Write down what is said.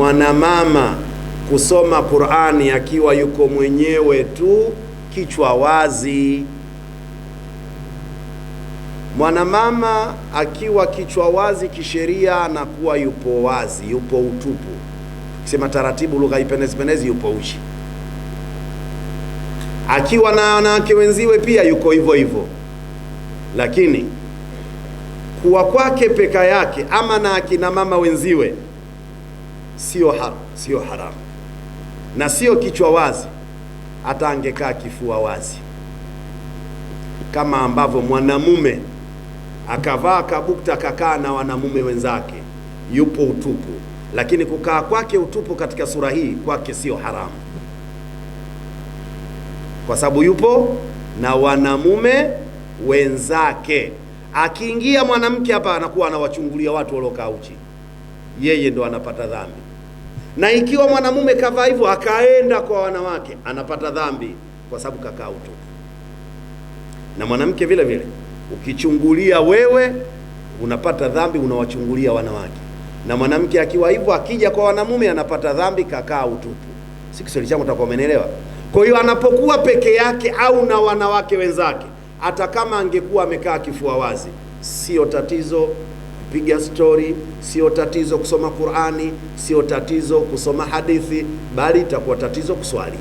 mwanamama kusoma Qur'ani akiwa yuko mwenyewe tu kichwa wazi. Mwanamama akiwa kichwa wazi kisheria anakuwa yupo wazi, yupo utupu. Sema taratibu, lugha ipenezi yupo uchi. Akiwa na wanawake wenziwe pia yuko hivyo hivyo, lakini kuwa kwake peka yake ama na akina mama wenziwe sio har sio haramu na sio kichwa wazi, hata angekaa kifua wazi, kama ambavyo mwanamume akavaa kabukta akakaa na wanamume wenzake, yupo utupu, lakini kukaa kwake utupu katika sura hii kwake sio haramu, kwa sababu yupo na wanamume wenzake. Akiingia mwanamke hapa, anakuwa anawachungulia watu waliokaa uchi yeye ndo anapata dhambi, na ikiwa mwanamume kavaa hivyo akaenda kwa wanawake anapata dhambi, kwa sababu kakaa utupu. Na mwanamke vile vile, ukichungulia wewe unapata dhambi, unawachungulia wanawake. Na mwanamke akiwa hivyo akija kwa wanamume anapata dhambi, kakaa utupu. Si Kiswahili changu utakuwa umeelewa? Kwa hiyo anapokuwa peke yake au na wanawake wenzake, hata kama angekuwa amekaa kifua wazi, sio tatizo piga stori sio tatizo, kusoma Qurani sio tatizo, kusoma hadithi, bali itakuwa tatizo kuswali.